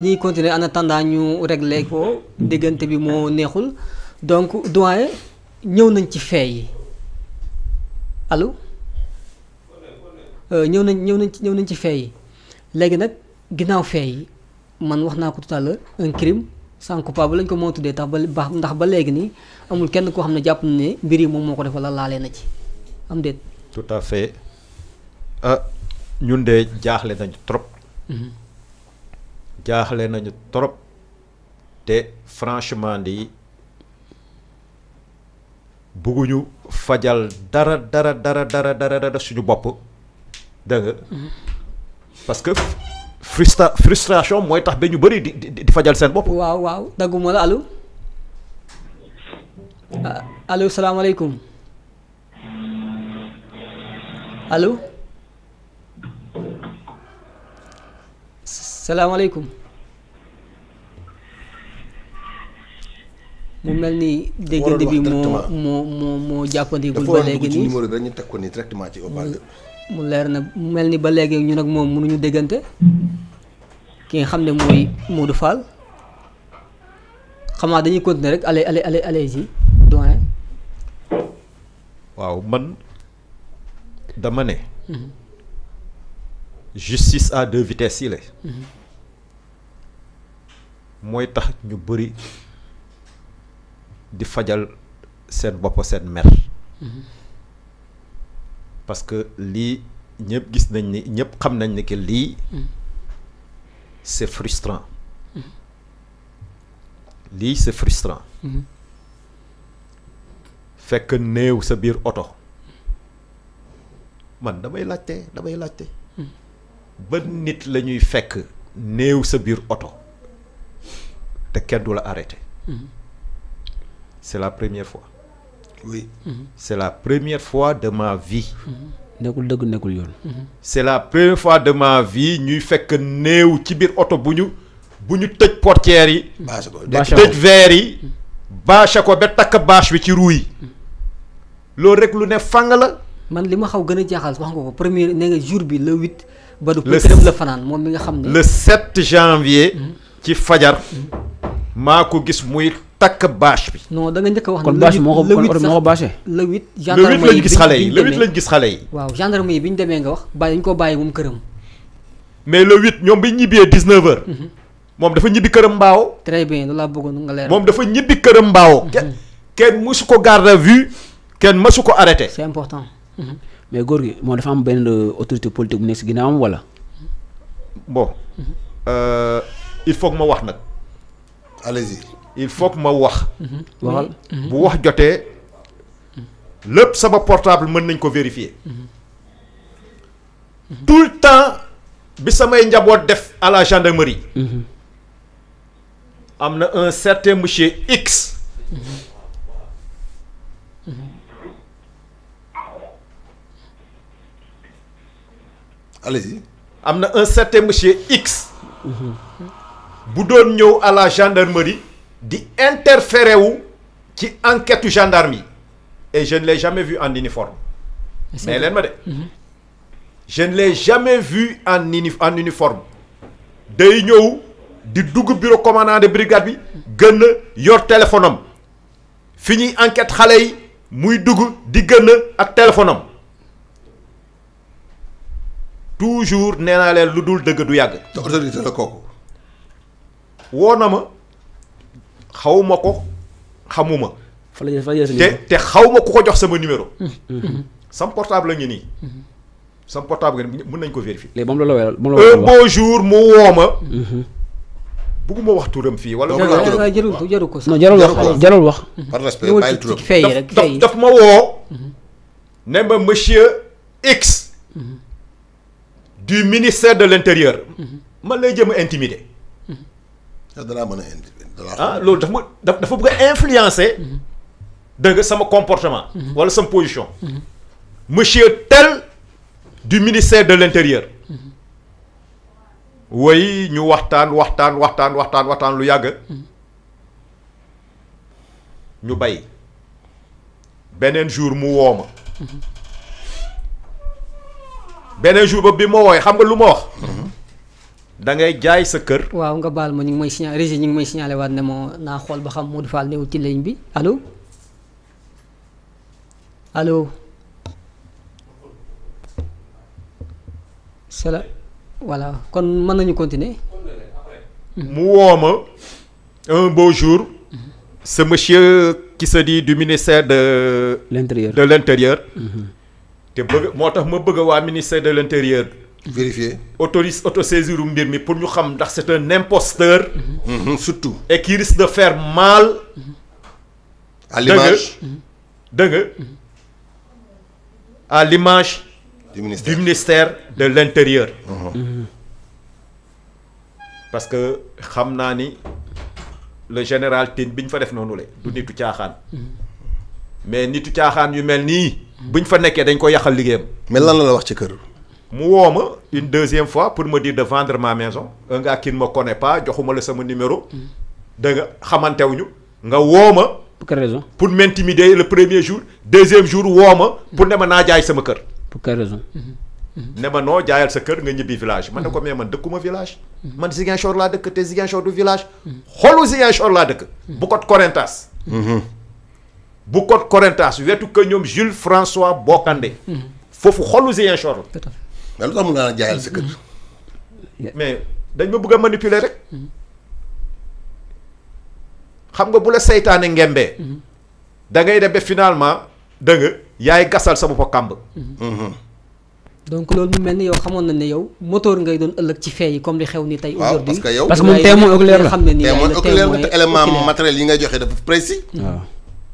di continuer en attendant ñu régler ko diggante bi moo neexul donc doyen ñëw nañ ci fee yi alo euh, ñëw nañ ñëw nañ ci ñëw nañ ci fee yi léegi nag ginnaaw fee yi man wax naa ko tout à l'heure un crime sans coupable lañ ko moo tuddee tax ba baax léegi nii amul kenn koo xam ne jàpp ne mbir yi moom moo ko def wala laalee na ci am déet. tout à fait ah ñun de jaaxle nañ trop. Mhm. jaaxle nañu trop té franchement di bëgguñu fajal dara dara dara dara dara dara suñu bop dégg nga mhm. parce que frustra frustration moy tax ba bëri di di fajal sen bop waaw waaw dagguma la allo ah, allo alaykum allo. salaamaaleykum mu mel ni déggante bi moo moo moo moo jàppandigul ba léegi nii numéro bi rek ñu teg ko nii directement ci haut-parleur mu leer na mu mel ni ba léegi ñu nag moom mënuñu déggante ki nga xam ne mooy Modou Fall xamaa dañuy continuer rek allez allez allez allez yi doyen waaw man dama ne justice à deux vitesses yi la mooy tax ñu bëri di fajal seen bopp cette mère mm-hmm. parce que li ñepp gis nañ ni ñepp xam nañ ni que li mm-hmm. c'est frustrant mm-hmm. li c'est frustrant fekk néew sa biir auto man damay laajte damay laajte ba nit la ñuy fekk néew sa biir oto te kenn du la arrêté. Mhm. c'est la première fois. oui. Mhm. c'est la première fois de ma vie. Mhm. nekkul dëgg nekkul yoon. c'est la première fois de ma vie ñuy fekk néew ci biir oto bu ñu bu ñu tëj portières yi. bâche tëj verre yi. bâche ko ba takk bâche bi ci ruu loolu rek lu ne fang la. man li ma xaw gën a jaaxal wax nga ko premier nee nga jour bi le huit. Badou këram la fanaan moom mi nga xam le 7 janvier. Mm. ci fajar. Mm. mako gis muy tak bâche bi. non da nga ñëk wax. le 8 moo ko bâché. le 8 gendarme yi lañ gis xale le 8 lañ gis xalé yi. waaw gendarmerie biñu démé nga wax bàyyi ñu ko bayyi moom kërëm mais le 8 ñom bi ñibé 19h. mom dafa ñibbi kërëm baaw très bien loolu bëggu nga leer. mom dafa ñibbi kërëm baaw mm-hmm. kenn musu ko garder à vue kenn musu ko arrêter c'est important. Mm-hmm mais góor mon dafa am ben autorité politique ne nekk ginaam wala. bon euh, il faut que ma wax nak allez-y il faut que ma wax. Mhm. waxal mhm. bu wax joté lepp sama portable meun nañ ko vérifier. Mhm. tout le temps bi samay njaboot def à la gendarmerie. amna un certain monsieur X. allez-y y un certain monsieur X. bu doon à la gendarmerie. di interférer où l'enquête enquête gendarme et je ne l'ai jamais vu en uniforme. mais elle ma dit mhm. je ne l'ai jamais vu en uniforme. day du di bureau commandant de brigade bi. gën a téléphone Fini enquête xale moui muy téléphone toujours nee naa leen lu dul dëgg du yàgg. te autorité la kooku. woo na ma xawuma ko xamuma. fa la te te xawma ku ko jox sama numéro. Mm-hmm. Mm-hmm. sam portable la ñu nii. Mm-hmm. sam portable nga mën nañ ko vérifier. léegi moom la la un beau jour mu woo ma. bugguma wax turam fii wala. Euh, jarul ko jarul ko jarul wax jarul wax. par respect bàyyi turam daf ma woo. ne ma X. du ministère de l'intérieur. je mhm. suis jëm intimidé intimider. ah influencer. mon mhm. comportement. Mhm. wala son position. monsieur tel du ministère de l'intérieur. Oui, ñu waxtaan waxtaan waxtaan nous, waxtaan lu nous ñu bay jour beneen jour ba bi ma wooye xam nga lu ma wax. Mhm. da ngay jaay sa kër. waaw nga baal ma ñu ngi may signal régie ñu ngi may signalé waat ne ma naa xool ba xam Modou Fall néew ci ligne bi allo allo. sala voilà kon mën nañu continuer. mu woo ma un beau jour. Mhm. ce monsieur qui se dit du ministère de. l'intérieur de l'intérieur. Mm -hmm te bëgg motax ma bëgg wa ministère de l'Intérieur, vérifier autorise autosaisir mbir mi pour ñu xam ndax c'est un imposteur. Mm-hmm. surtout. et qui risque de faire mal. à l'image de nga à l'image du ministère du ministère de l'Intérieur, mm-hmm. Mm-hmm. parce que xam ni le général Tine biñ fa def noonu le du nitu tiaxan mais nitu caaxaan yu melni buñ fa nekkee dañ ko yàqal liggéeyam. mais lan la wax ci kër. mu woma une deuxième fois pour me dire de vendre ma maison un gars qui ne me connaît pas joxuma le sama numéro. Mm-hmm. de nga xamantewuñu nga woma pour quelle raison. pour m'intimider le premier jour deuxième jour woma pour ne ma naa jaay sama kër. pour quelle raison. Mm-hmm. ne ma no jaayal sa kër nga ñibi village. man ko mais man dëkkuma village. Mm-hmm. man Ziguinchor laa dëkk te chor du village. xolu Ziguinchor la dëkk. bu ko correntas. bu code Corentas wetu ke ñom Jules François Bokandé mhm. fofu xolu Ziguinchor la. mais lu tax mun naa jaayal sa keur mhm. mais dañ ma bëgg manipuler rek. Mhm. xam nga bu la seytane ngembé da ngay dem ba finalement da nga yaay gassal sa bop kamb donc lolou mu melni yow xamone na yow moteur ngay doon euleuk ci fee yi comme li xew ni tay aujourd'hui parce que mon témoin que moom la xam ne nii témoin oculaire la élément matériel yi ngay joxe dafa précis. Ah.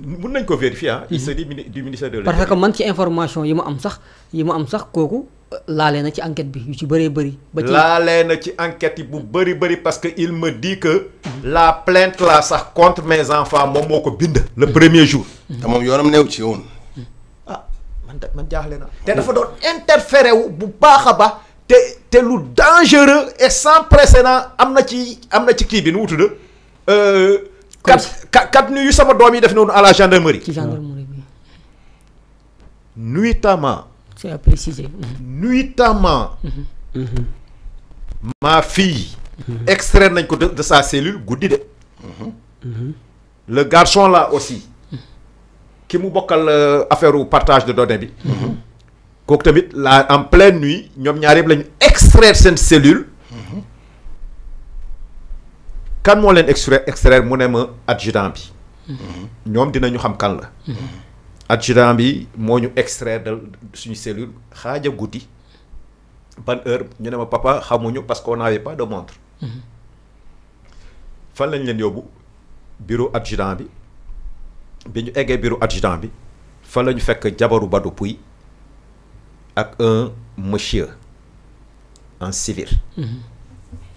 mën nañ ko vérifier ah. il mhm. s'agit du ministère de l'Intérieur. parce que man ci information yi ma am sax yi ma am sax kooku euh, laalee na ci enquête bi yu ci bëree bëri. ba ci laalee na ci enquête yi bu bëri bëri parce que il me dit que. Mhm. la plainte la sax contre mes enfants moom moo ko bind. le premier jour. Mhm. te moom yoonam néew ci woon. ah man de man jaaxle na. te dafa doon interféré wu bu baax a baax te te lu dangereux et sans précédent am na ci am na ci kii bi nu mu tudd. Euh, quatre nuits ça sama doom def à la gendarmerie. gendarmerie bi. nuitamment. c'est à préciser. Mhm. nuitamment. Mhm. Mhm. ma fille. extrait ko de sa cellule guddi de. le garçon là aussi. Qui mu fait l'affaire euh, au partage de données bi. kooku tamit la en pleine nuit ñoom ñaar yëpp la extraire sa cellule. kan moo leen extraire extraire mu ne ma adjudant bi. Mhm. ñoom dinañu xam kan la. Mhm. adjudant bi moo ñu extraire de suñu cellule xaaja guddi ban heure ñu ne ma papa xamuñu parce qu'on n'avait pas de montre. Mhm. fan lañ leen yóbbu bureau adjudant bi bi ñu eggee bureau adjudant bi fan la ñu fekk jabaru Badou Pouy ak un monsieur en civil.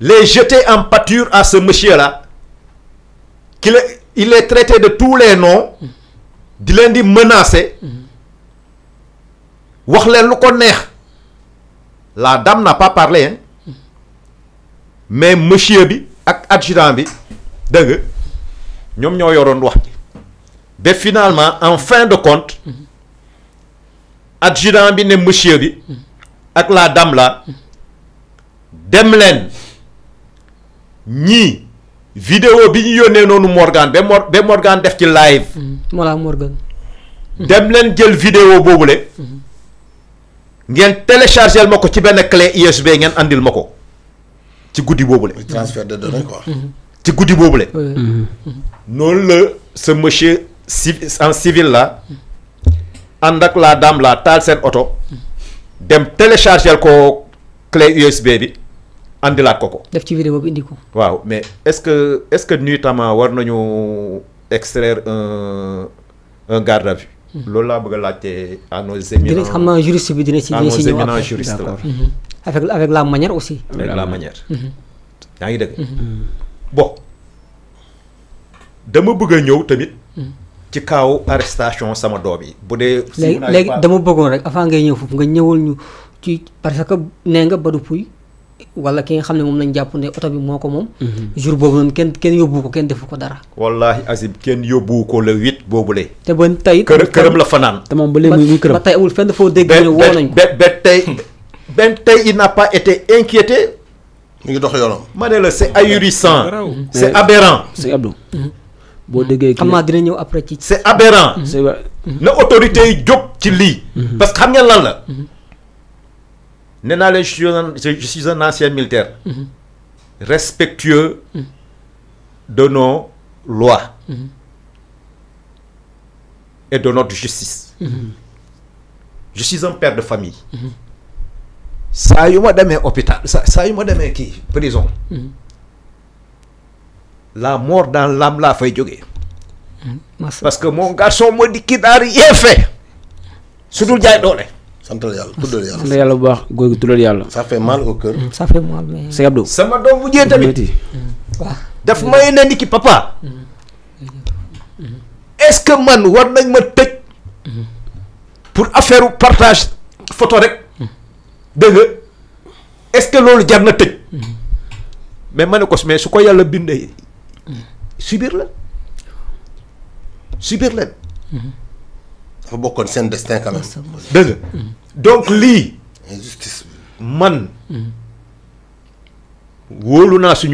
les jeter en pâture à ce monsieur-là, qu'il il est traité de tous les noms, Il est menacé. menacer, est La dame n'a pas parlé, hein. mais monsieur bi ak Ils bi dit finalement en fin de compte L'adjudant bi ne monsieur bi la dame là. ont ni vidéo bi ñu non Morgan be Morgan def ci live. Mm-hmm. voilà Morgan. Mm-hmm. dem len jël vidéo boobule. Mm-hmm. ngeen télécharger ma ci ben clé USB ngeen andil mako ko ci guddi boobule. transfert de données quoi. ci guddi boobule. non le ce monsieur en civil là andak la dame la tal seen auto dem télécharger ko clé USB bi àndilaat ko ko. def ci vidéo bi indi ko. waaw mais est-ce que est-ce que nuitamment war nañu extraire un un garde à vue. Hmm. loolu laa bëgg a laajte à nos éminents. xam naa juriste bi dina ci dina ci ñëw à la. avec avec la manière aussi. avec la manière. Hmm. yaa ngi dëgg. Hmm. bon dama bëgg a ñëw tamit. ci kaw arrestation sama doom yi bu dee. léegi léegi dama bëggoon rek avant ngay ñëw foofu nga ñëwul ñu ci parce que nee nga Badou Pouye wala ki nga xam ne moom lañ jàpp ne oto bi moo ko moom. Mhm. jour boobu noonu kenn kenn yóbbu ko kenn defu ko dara. wallaahi asib kenn yóbbu ko le huit boobule. te ba tey kër këram la fanaan. te moom ba léegi muy këram ba tey amul fenn foo dégg. ne woo nañ ko ben tey ba tey il n'a pas été inquiété. mu ngi dox yoonam. ma ne la c'est ahurissant. c'est aberrant. c'est Abdou. Mhm. boo déggee xam naa dina ñëw après ci. c'est aberrant. Mhm. na autorité yi jóg ci lii. parce que xam nga lan la je suis un ancien militaire. Mhm. respectueux mhm. de nos lois. Mhm. et de notre justice. je suis un père de famille. Ça est, moi moi mes hôpital Ça y est, moi dans prison. la mort dans l'âme Faut y aller. parce que mon garçon me dit qu'il rien fait. Surtout santal yàlla tuddal yàlla. sant yàlla bu baax góor gi tuddal yàlla. ça fait mal au cœur. ça fait mal mais. Seye Abdou. sama doom bu jee tamit. waaw daf may ne ni ki papa. est-ce que man war nañ ma tëj. pour affaire partage photo rek. dégg nga est-ce que loolu jar na tëj. mais ma ne ko mais su ko yàlla bindee. subir la subir la dafa bokkoon seen destin quand même dëgg donc lii. man. Mm. wóolu naa suñu.